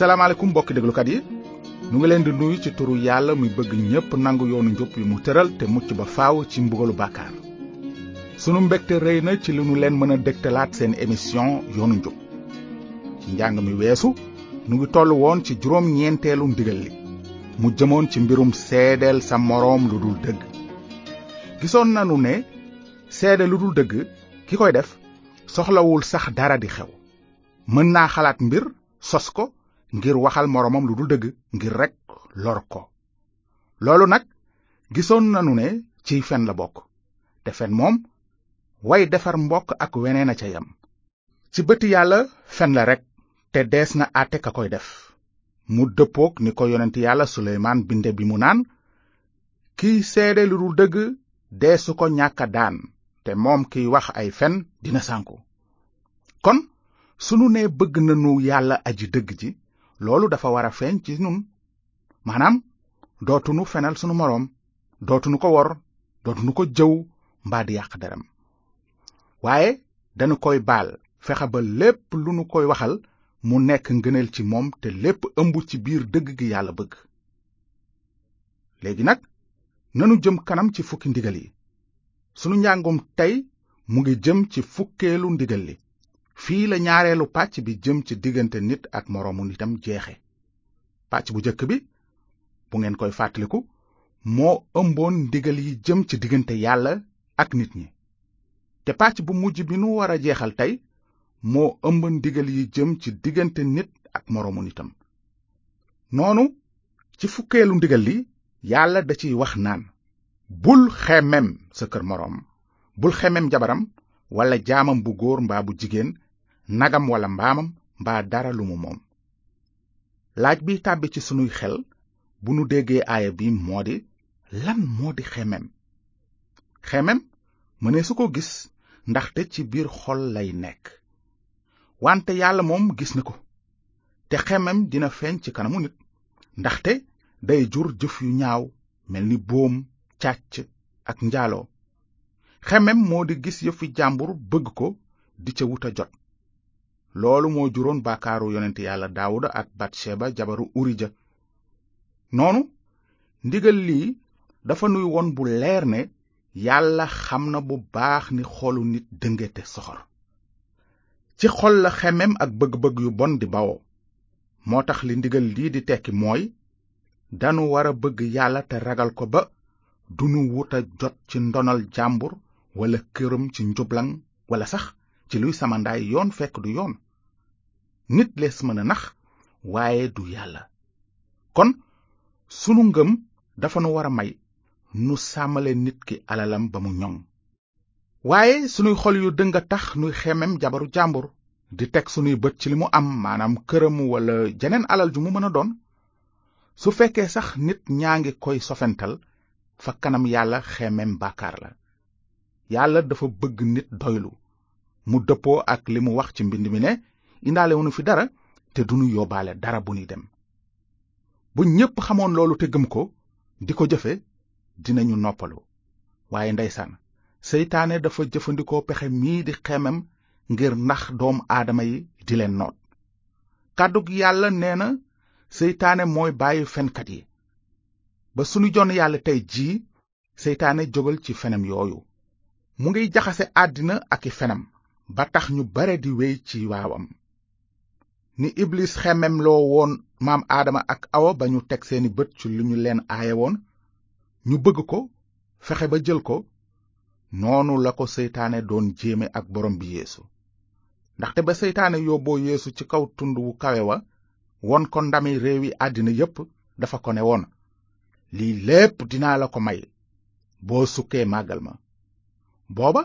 salaamaaleykum mbokki déglukat yi nu ngi leen di nuyu ci turu yàlla muy bëgg ñépp nangu yoonu njub yu mu tëral te mucc ba faaw ci mbugalu bàkkaar sunu mbégte rëy na ci li nu leen mën a dégtalaat seen émission yoonu njub ci njàng mi weesu nu ngi toll woon ci juróom ñeenteelu ndigal li mu jëmoon ci mbirum seedeel sa moroom lu dul dëgg gisoon nanu ne seede lu dul dëgg ki koy def soxlawul sax dara di xew mën naa xalaat mbir sos ko ngir waxal moroomam lu dul dëgg ngir rek lor ko loolu nag gisoon nanu ne ciy fen la bokk te fen moom way defar mbokk ak weneen a ca yam ci bëti yàlla fenn la rek te dees na àtte a koy def mu dëppook ni ko yonent yàlla suleymaan binde bi mu naan kiy seede lu dul dëgg deesu ko ñàkk daan te moom kiy wax ay fen dina sànku kon sunu ne bëgg nanu yàlla aji dëgg ji loolu dafa war a feeñ ci nun maanaam dootunu fenal sunu moroom dootunu ko wor dootunu ko jëw mbaa di yàq deram waaye danu koy baal fexe ba lépp lu nu koy waxal mu nekk ngëneel ci moom te lépp ëmb ci biir dëgg gi yàlla bëgg léegi nag nanu jëm kanam ci fukki ndigal yi sunu njàngum tey mu ngi jëm ci fukkeelu ndigal li fii la ñaareelu pàcc bi jëm ci diggante nit ak moroomu nitam jeexe pàcc bu jëkk bi bu ngeen koy fàttaliku moo ëmboon ndigal yi jëm ci diggante yàlla ak nit ñi te pàcc bu mujj bi nu war a jeexal tey moo ëmb ndigal yi jëm ci diggante nit ak moroomu nitam noonu ci fukkeelu ndigal li yàlla da ciy wax naan bul xemem sa kër moroom bul xemem jabaram walla jaamam bu góor mbaa bu jigéen nagam walla mbaamam mbaa dara lu mu moom laaj bi tàbbi ci sunuy xel bu nu déggee aaya bi moo di lan moo di xemem xemem mënee su ko gis ndaxte ci biir xol lay nekk wante yàlla moom gis na ko te xemem dina feeñ ci kanamu nit ndaxte day jur jëf yu ñaaw mel ni boom càcc ak njaaloo xemem moo di gis yëfi jàmbur bëgg ko di ca wut a jot loolu moo juróon baakaaru yonent yàlla daawuda ak batseba jabaru urija noonu ndigal lii dafa nuy won bu leer ne yàlla xam na bu baax ni xolu nit dëngate te soxor ci xol la xemem ak bëgg-bëgg yu bon di bawoo moo tax li ndigal lii di tekki mooy danu war a bëgg yàlla te ragal ko ba du nu wuta jot ci ndonal jàmbur wala këram ci njublaŋ wala sax ci luy sama ndaay yoon fekk du yoon nit lees mën a nax waaye du yàlla kon sunu ngëm dafa nu war a may nu sàmmale nit ki alalam ba mu ñoŋ waaye sunuy xol yu dëng a tax nuy xemem jabaru jàmbur di teg sunuy bët ci li mu am maanaam këram walla jeneen alal ju mu mën a doon su fekkee sax nit ñaa ngi koy sofental fa kanam yàlla xemem bàkkaar la yàlla dafa bëgg nit doylu mu dëppoo ak li mu wax ci mbind mi ne indaalewuñu fi dara te du duñu yóbbaale dara bu ñuy dem bu ñépp xamoon loolu te gëm ko di ko jëfe dinañu noppalu waaye ndeysaan seytaane dafa jëfandikoo pexe mii di xemem ngir ndax doom aadama yi di leen noot kàdduk yàlla nee na seytaane mooy bàyyi fenkat yi ba sunu jonn yàlla tey jii seytaane jógal ci fenem yooyu mu ngiy jaxase àddina ak i fenem ba tax ñu bare di wéy ci waawam ni iblis xememloo woon maam aadama ak awa ba ñu teg seeni bët ci lu ñu leen aaye woon ñu bëgg ko fexe ba jël ko noonu la ko seytaane doon jéeme ak borom bi yeesu ndaxte ba seytaane yóbboo yeesu ci kaw tund wu kawe wa won ko ndami réew yi àddina yépp dafa ko ne woon lii lépp dinaa la ko may boo sukkee màggal ma booba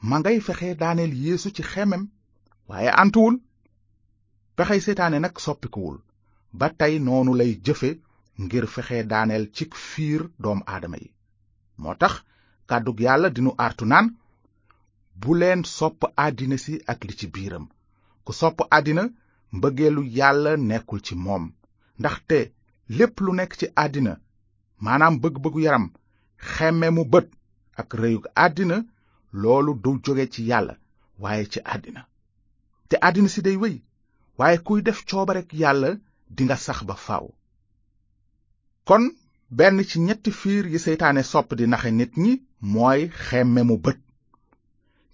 ma ngay fexe daaneel yéesu ci xemem waaye antuwul pexey seytaane nag soppikuwul ba tey noonu lay jëfe ngir fexe daaneel cig fiir doom aadama yi moo tax kàddug yàlla dinu artu naan bu leen sopp àddina si ak li ci biiram ku sopp àddina mbëggeelu yàlla nekkul ci moom ndaxte lépp lu nekk ci àddina maanaam bëgg-bëggu yaram xemme bët ak rëyug àddina loolu du jóge ci yàlla waaye ci àddina te àddina si day wéy waaye kuy def coobarek yàlla dinga sax ba faaw kon benn ci ñetti fiir yi seytaane sopp di naxe nit ñi mooy xemme mu bët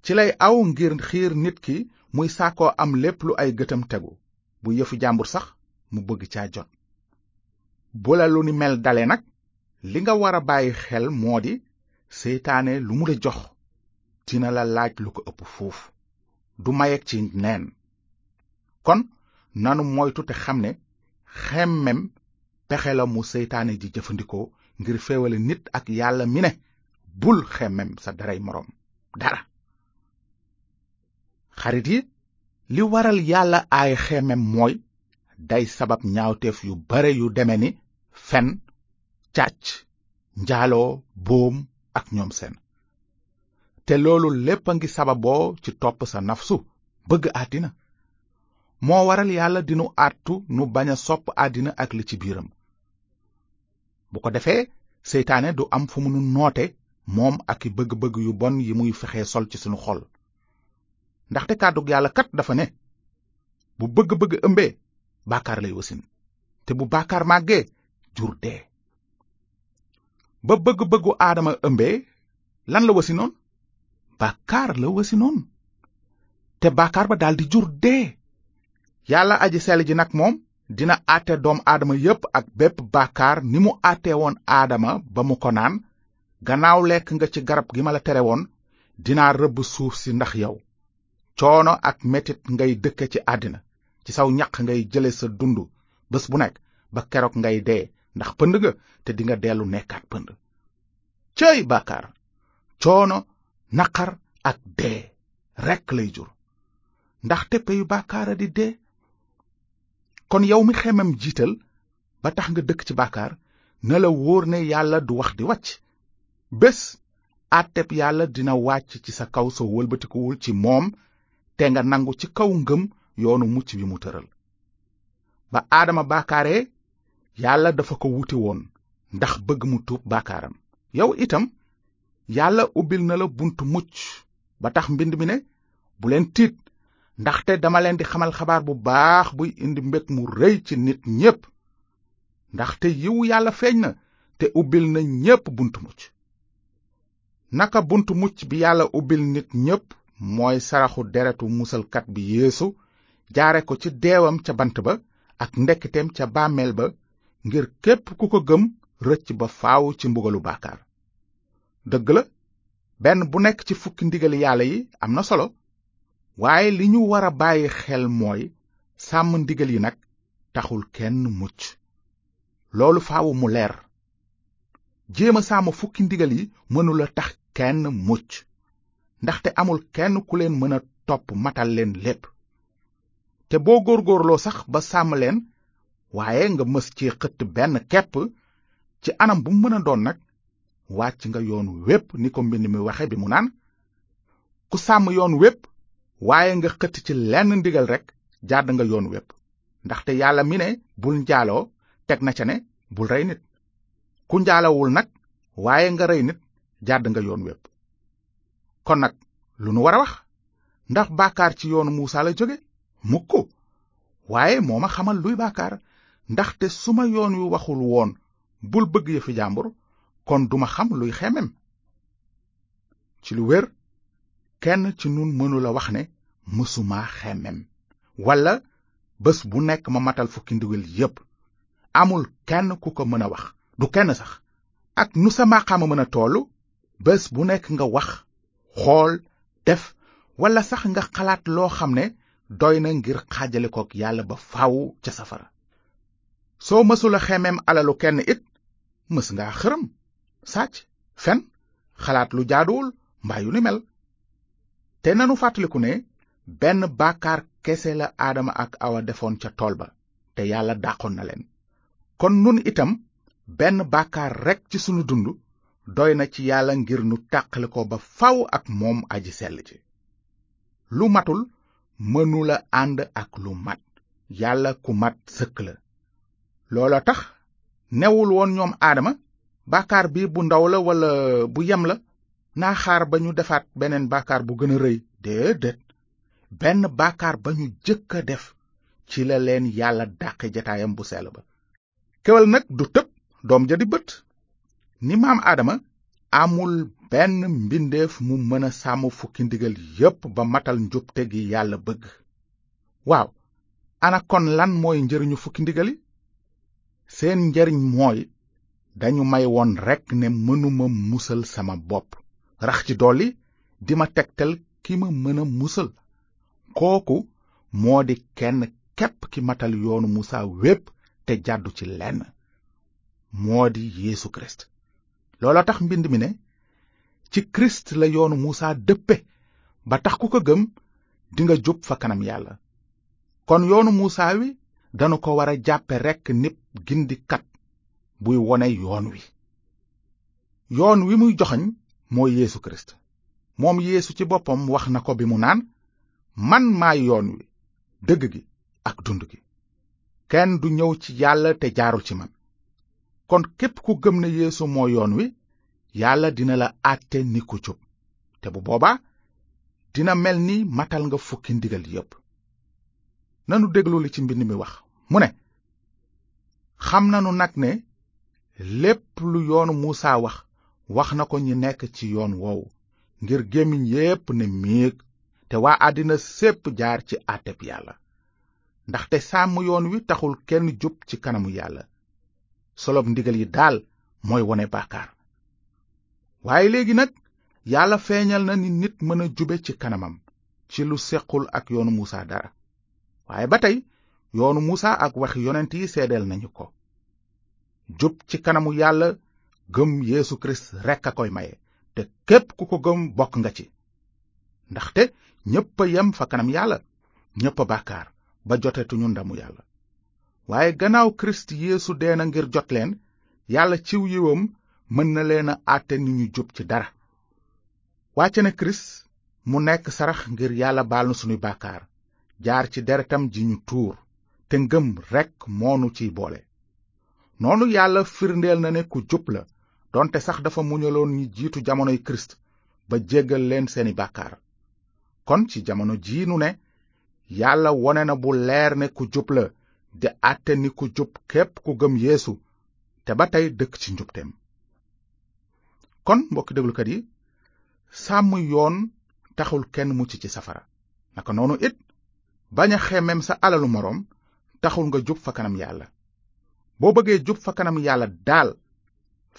ci lay aw ngir xiir nit ki muy sàkkoo am lépp lu ay gëtam tegu bu yëfu jàmbur sax mu bëgg caa jot bu la lu ni mel dale nag li nga war a bàyyi xel moo di seytaane lu mu la jox dina la laaj lu ko ëpp fuuf du mayeg ci neen kon nanu moytu te xam ne xemmem pexe la mu seytaane di jëfandikoo ngir féewale nit ak yàlla mi ne bul xemmem sa daray moroom dara xarit yi li waral yàlla aay xemmem mooy day sabab ñaawteef yu bare yu deme ni fen càcc njaaloo boom ak ñoom seen te loolu lépp a ngi sababoo ci topp sa nafsu bëgg àddina moo waral yàlla dinu àttu nu bañ a sopp àddina ak li ci biiram bu ko defee seytaane du am fu mu noote moom ak i bëgg-bëgg yu bon yi muy fexee sol ci sunu xol ndaxte kàddug yàlla kat dafa ne bu bëgg-bëgg ëmbee baakaar lay wasin te bu baakaar màggee jur dee ba bëgg-bëggu aadama ëmbee lan la wasinoon bàkkaar la wasinoon te bàkkaar ba daldi jur dee yàlla aji sell ji nag moom dina àtte doom aadama yépp ak bépp bàkkaar ni mu àtte woon aadama ba mu ko naan gannaaw lekk nga ci garab gi ma la tere woon dinaa rëbb suuf si ndax yow coono ak metit ngay dëkke ci àddina ci saw ñaq ngay jële sa dund bés bu nekk ba keroog ngay dee ndax pënd nga te dinga dellu nekkaat pënd cëy bàkkaar naqar ak dee rekk lay jur ndax teppe yu bàkkaara di dee kon yow mi xemam jiital ba tax nga dëkk ci bàkkaar na la wóor ne yàlla du wax di wàcc bés àtteb yàlla dina wàcc ci sa kaw soo wëlbatikuwul ci moom te nga nangu ci kaw ngëm yoonu mucc bi mu tëral ba aadama bàkkaaree yàlla dafa ko wuti woon ndax bëgg mu tuub bàkkaaram yow itam yàlla ubbil na la buntu mucc ba tax mbind mi ne bu leen tiit ndaxte dama leen di xamal xabaar bu baax buy indi mbég mu rëy ci nit ñépp ndaxte yiwu yàlla feeñ na te ubbil na ñépp buntu mucc naka buntu mucc bi yàlla ubbil nit ñépp mooy saraxu deretu musalkat bi yéesu jaare ko ci deewam ca bant ba ak ndekkiteem ca bàmmeel ba ngir képp ku ko gëm rëcc ba faaw ci mbugalu baakaar dëgg la benn bu nekk ci fukki ndigal yàlla yi am na solo waaye li ñu war a bàyyi xel mooy sàmm ndigal yi nag taxul kenn mucc loolu faaw mu leer jéem a sàmm fukki ndigal yi mënula tax kenn mucc ndaxte amul kenn ku leen mën a topp matal leen lépp te boo góorgóorloo sax ba sàmm leen waaye nga mës ci xëtt benn kepp ci anam bu mu mën a doon nag wàcc nga yoon wépp ni ko mbind mi waxe bi mu naan ku sàmm yoon wépp waaye nga xëtt ci lenn ndigal rek jàdd nga yoon wépp ndaxte yàlla mi ne bul njaaloo teg na ca ne bul rey nit ku njaalawul nag waaye nga rey nit jàdd nga yoon wépp kon nag lu nu war a wax ndax bàkkaar ci yoonu muusa la jóge mukk waaye xamal luy bàkkaar ndaxte suma yoon yu waxul woon bul bëgg yëfi jàmbur kon duma xam luy xemem ci lu wér kenn ci nun mënula wax ne mësumaa xemem walla bés bu nekk ma matal fukki ndigal yépp amul kenn ku ko mën a wax du kenn sax ak nu sama xam a mën a tollu bés bu nekk nga wax xool def walla sax nga xalaat loo xam ne doy na ngir xaajale kook yàlla ba faw ca safara soo mësula xemem alalu kenn it mës ngaa xërëm sàcc fen xalaat lu jaaduwul mbaa yu ni mel te nanu fàttaliku ne benn bàkkaar kese la aadama ak awa defoon ca tool ba te yàlla dàqoon na leen kon nun itam benn bàkkaar rekk ci sunu dund doy na ci yàlla ngir nu tàqale ko ba faw ak moom aji sell ji lu matul mënula ànd ak lu mat yàlla ku mat sëkk la loola tax newul woon ñoom aadama Bakar bi bu ndaw la wala bu yam la na xaar ba ñu defaat beneen bakar bu gën a rëy déedéet benn ba def ci la leen yàlla dàqe jataayam bu sell ba kewal nag du tëb doom ja di bët ni maam aadama amul ben mbindeef mu mën samu sàmm fukki ndigal yépp ba matal njubte gi yàlla bëgg waaw ana kon lan mooy njëriñu fukki ndigal yi seen njëriñ mooy dañu may won rek ne mënuma musal sama bopp rax ci dolli kima ma musel. ki ma mën a musal kooku moo di kenn képp ki matal yoonu musa wépp te jàddu ci lenn moo di yeesu kirist looloo tax mbind mi ne ci kirist la yoonu musa dëppe ba tax ku ko gëm dinga jub fa kanam yàlla kon yoonu musa wi danu ko wara jàppe rekk nib gindikat buy wone yoon wi yoon wi muy joxañ moo yéesu Kirist moom yéesu ci boppam wax na ko bi mu naan man maay yoon wi dëgg gi ak dund gi kenn du ñëw ci yàlla te jaarul ci man kon képp ku gëm na yéesu moo yoon wi yàlla dina la àtte ni ku jub te bu boobaa dina mel ni matal nga fukki ndigal yépp nanu déglu li ci mbind mi wax mu ne xam nanu nag ne lépp lu yoonu muusaa wax wax na ko ñu nekk ci yoon woowu ngir gémmiñ yépp ne miig te waa àddina sépp jaar ci àtteb yàlla ndaxte sàmm yoon wi taxul kenn jub ci kanamu yàlla solob ndigal yi daal mooy wone bàkkaar waaye léegi nag yàlla feeñal na ni nit mën a jube ci kanamam ci lu sequl ak yoonu muusaa dara waaye ba tey yoonu muusaa ak wax yonent yi seedeel nañu ko jub ci kanamu yàlla gëm yéesu Kirist rekk a koy maye te képp ku ko gëm bokk nga ci ndaxte ñépp a yem fa kanam yàlla ñépp a ba jotetuñu ndamu yàlla waaye gannaaw Kirist yéesu dee na ngir jot leen yàlla ciw yiwam mën na leen a àtte ni ñu jub ci dara wàcce na Kirist mu nekk sarax ngir yàlla baal na sunuy bàkkaar jaar ci deretam ji ñu tuur te ngëm rekk moonu ciy boole noonu yàlla firndeel na ne ku jub la donte sax dafa muñaloon ñi jiitu jamonoy kirist ba jéggal leen seeni bàkkaar kon ci jamono jiinu ne yàlla wone na bu leer ne ku jub la di àtte ni ku jub képp ku gëm yéesu te ba tey dëkk ci njubteem kon mbokki déglukat yi sàmm yoon taxul kenn mucc ci safara naka noonu it bañ a xemmeem sa alalu moroom taxul nga jub fa kanam yàlla boo bëggee jub fa kanam yàlla daal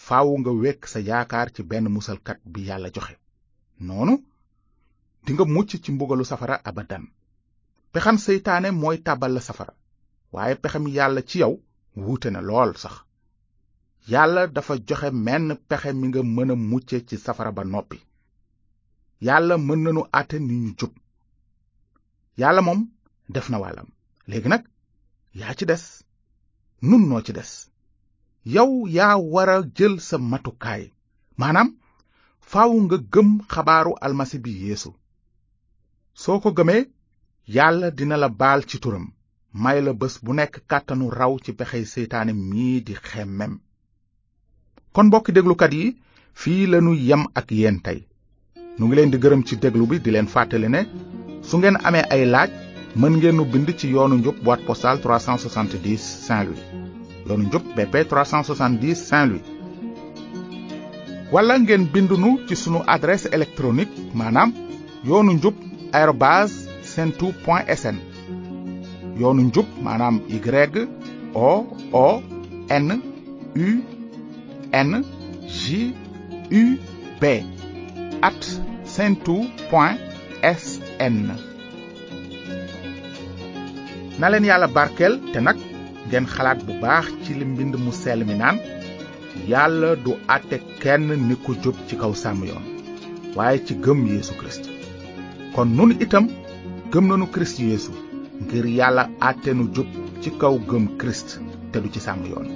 faw nga wékk sa yaakaar ci benn musalkat bi yàlla joxe noonu dinga mucc ci mbugalu safara abadan pexam seytaane mooy tàbbal la safara waaye pexam yàlla ci yow wuute na lool sax yàlla dafa joxe menn pexe mi nga mën a mucce ci safara ba noppi yàlla mën nanu àtte ni ñu jub yàlla moom def na wàllam léegi nag yaa ci des nun noo ci des yow yaa war jël sa matukaay maanaam faw nga gëm xabaaru almasi bi yéesu soo ko gëmee yàlla dina la baal ci turam may la bés bu nekk kàttanu raw ci pexey seytaane mii di xemmem kon mbokki déglukat yi fii lanu yem ak yéen tey nu ngi leen di gërëm ci déglu bi di leen fàttali ne su ngeen amee ay laaj mën ngeen nu bind ci yoonu njub boîte postale 370 Saint-Louis yoonu njub BP 370 Saint-Louis wala ngeen bind nu ci sunu adresse électronique maanaam yoonu njub aérobase sentu point sn yoonu njub maanaam y o o n u n j u b at sentu point na leen yàlla barkel te nag ngeen xalaat bu baax ci li mbind mu seel mi naan yàlla du àtte kenn ni ku jub ci kaw sàmm yoon waaye ci gëm yeesu kirist kon nun itam gëm nanu kirist yeesu ngir yàlla àtte nu jub ci kaw gëm kirist te du ci sàmm yoon